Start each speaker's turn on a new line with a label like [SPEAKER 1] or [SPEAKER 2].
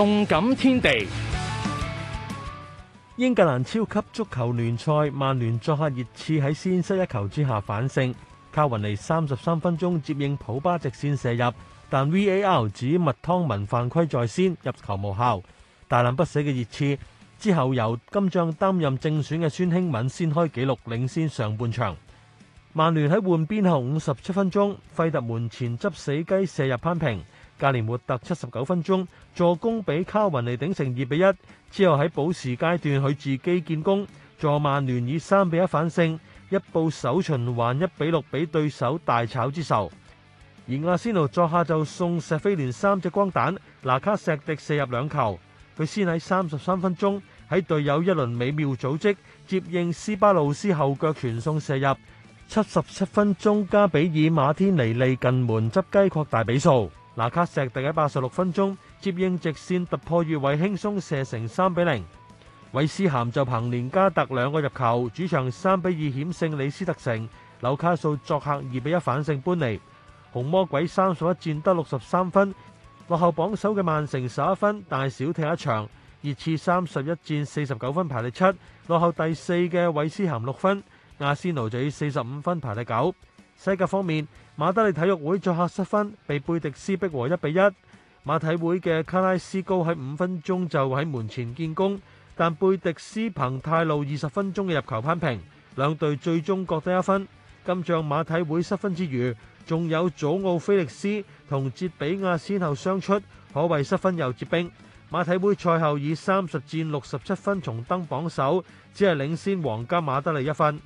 [SPEAKER 1] 動感天地，英格蘭超級足球聯賽，曼聯作客熱刺喺先失一球之下反勝，卡雲尼三十三分鐘接應普巴直線射入，但 VAR 指麥湯文犯規在先，入球無效。大難不死嘅熱刺之後由金將擔任正選嘅孫興敏先開紀錄，領先上半場。曼聯喺換邊後五十七分鐘，費特門前執死雞射入攀平。隔年活特七十九分鐘助攻，俾卡雲尼頂成二比一。之後喺補時階段，佢自己建功助曼聯以三比一反勝。一報首循環一比六俾對手大炒之仇。而阿仙奴作客就送錫菲聯三隻光蛋，拿卡石迪射入兩球。佢先喺三十三分鐘喺隊友一輪美妙組織接應，斯巴魯斯後腳傳送射入。七十七分鐘，加比爾馬天尼利近門執雞擴大比數。拿卡錫迪喺八十六分鐘接應直線突破越位，輕鬆射成三比零。韋斯咸就憑連加特兩個入球，主場三比二險勝李斯特城。紐卡素作客二比一反勝般尼。紅魔鬼三十一戰得六十三分，落後榜首嘅曼城十一分，但係少踢一場。熱刺三十一戰四十九分，排第七，落後第四嘅韋斯咸六分。阿仙奴就以四十五分，排第九。西甲方面，馬德里體育會作客失分，被貝迪斯逼和一比一。馬體會嘅卡拉斯高喺五分鐘就喺門前建功，但貝迪斯憑泰路二十分鐘嘅入球攀平，兩隊最終各得一分。今仗馬體會失分之餘，仲有祖奧菲力斯同捷比亞先後傷出，可謂失分又折兵。馬體會賽後以三十戰六十七分重登榜首，只係領先皇家馬德里一分。